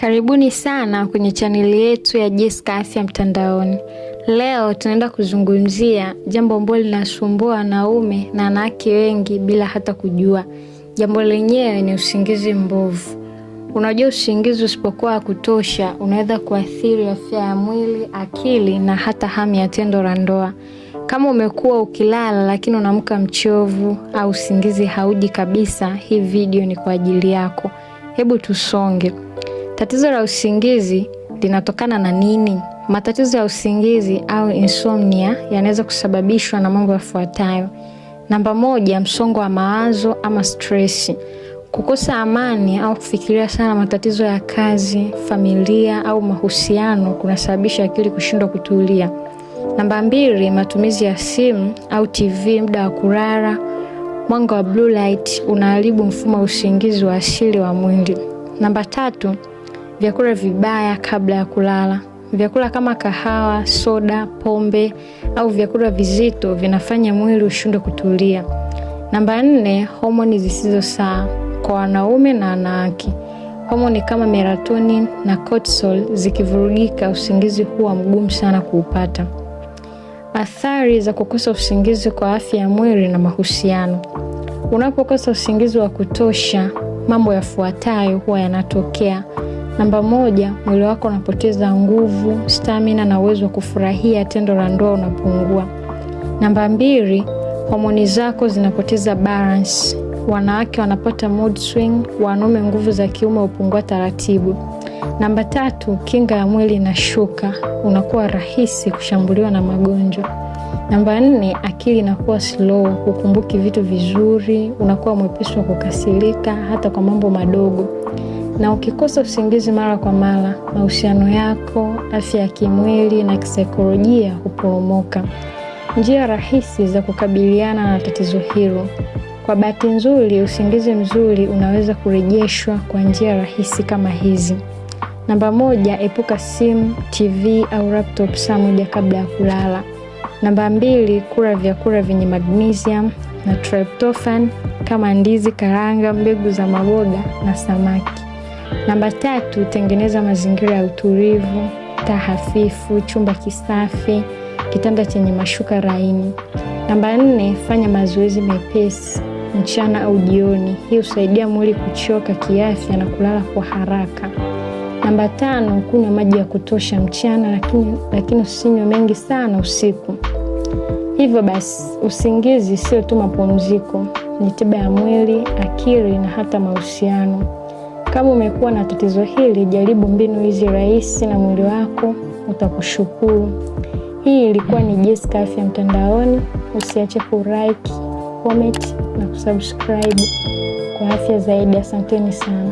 Karibuni sana kwenye chaneli yetu ya Jesca Afya Mtandaoni. Leo tunaenda kuzungumzia jambo ambalo linasumbua wanaume na wanawake wengi bila hata kujua. Jambo lenyewe ni usingizi mbovu. Unajua, usingizi usipokuwa wa kutosha unaweza kuathiri afya ya mwili, akili na hata hamu ya tendo la ndoa. Kama umekuwa ukilala lakini unaamka mchovu au usingizi hauji kabisa, hii video ni kwa ajili yako. Hebu tusonge. Tatizo la usingizi linatokana na nini? Matatizo ya usingizi au insomnia yanaweza kusababishwa na mambo yafuatayo. Namba moja, msongo wa mawazo ama stresi, kukosa amani au kufikiria sana matatizo ya kazi, familia au mahusiano kunasababisha akili kushindwa kutulia. Namba mbili, matumizi ya simu au TV muda wa kulala. Mwanga wa blue light unaharibu mfumo wa usingizi wa asili wa mwili. Namba tatu, vyakula vibaya kabla ya kulala. Vyakula kama kahawa, soda, pombe au vyakula vizito vinafanya mwili ushindwe kutulia. Namba nne, homoni zisizo sawa kwa wanaume na wanawake. Homoni kama melatonin na cortisol zikivurugika, usingizi huwa mgumu sana kuupata. Athari za kukosa usingizi kwa afya ya mwili na mahusiano. Unapokosa usingizi wa kutosha, mambo yafuatayo huwa yanatokea. Namba moja, mwili wako unapoteza nguvu, stamina na uwezo wa kufurahia tendo la ndoa unapungua. Namba mbili, homoni zako zinapoteza balance. Wanawake wanapata mood swing, wanaume nguvu za kiume hupungua taratibu. Namba tatu, kinga ya mwili inashuka, unakuwa rahisi kushambuliwa na magonjwa. Namba nne, akili inakuwa slow, hukumbuki vitu vizuri, unakuwa mwepesi wa kukasirika hata kwa mambo madogo na ukikosa usingizi mara kwa mara, mahusiano yako, afya ya kimwili na kisaikolojia huporomoka. Njia rahisi za kukabiliana na tatizo hilo. Kwa bahati nzuri, usingizi mzuri unaweza kurejeshwa kwa njia rahisi kama hizi. Namba moja, epuka simu, TV au laptop saa moja kabla ya kulala. Namba mbili, kula vyakula vyenye magnesium na tryptophan kama ndizi, karanga, mbegu za maboga na samaki. Namba tatu, tengeneza mazingira ya utulivu, taa hafifu, chumba kisafi, kitanda chenye mashuka laini. Namba nne, fanya mazoezi mepesi mchana au jioni. Hii husaidia mwili kuchoka kiafya na kulala kwa haraka. Namba tano, kunywa maji ya kutosha mchana, lakini lakini usinywe mengi sana usiku. Hivyo basi, usingizi sio tu mapumziko, ni tiba ya mwili, akili na hata mahusiano. Kama umekuwa na tatizo hili, jaribu mbinu hizi rahisi na mwili wako utakushukuru. Hii ilikuwa ni Jessica Afya Mtandaoni. Usiache ku like, comment na kusubscribe kwa afya zaidi. Asanteni sana.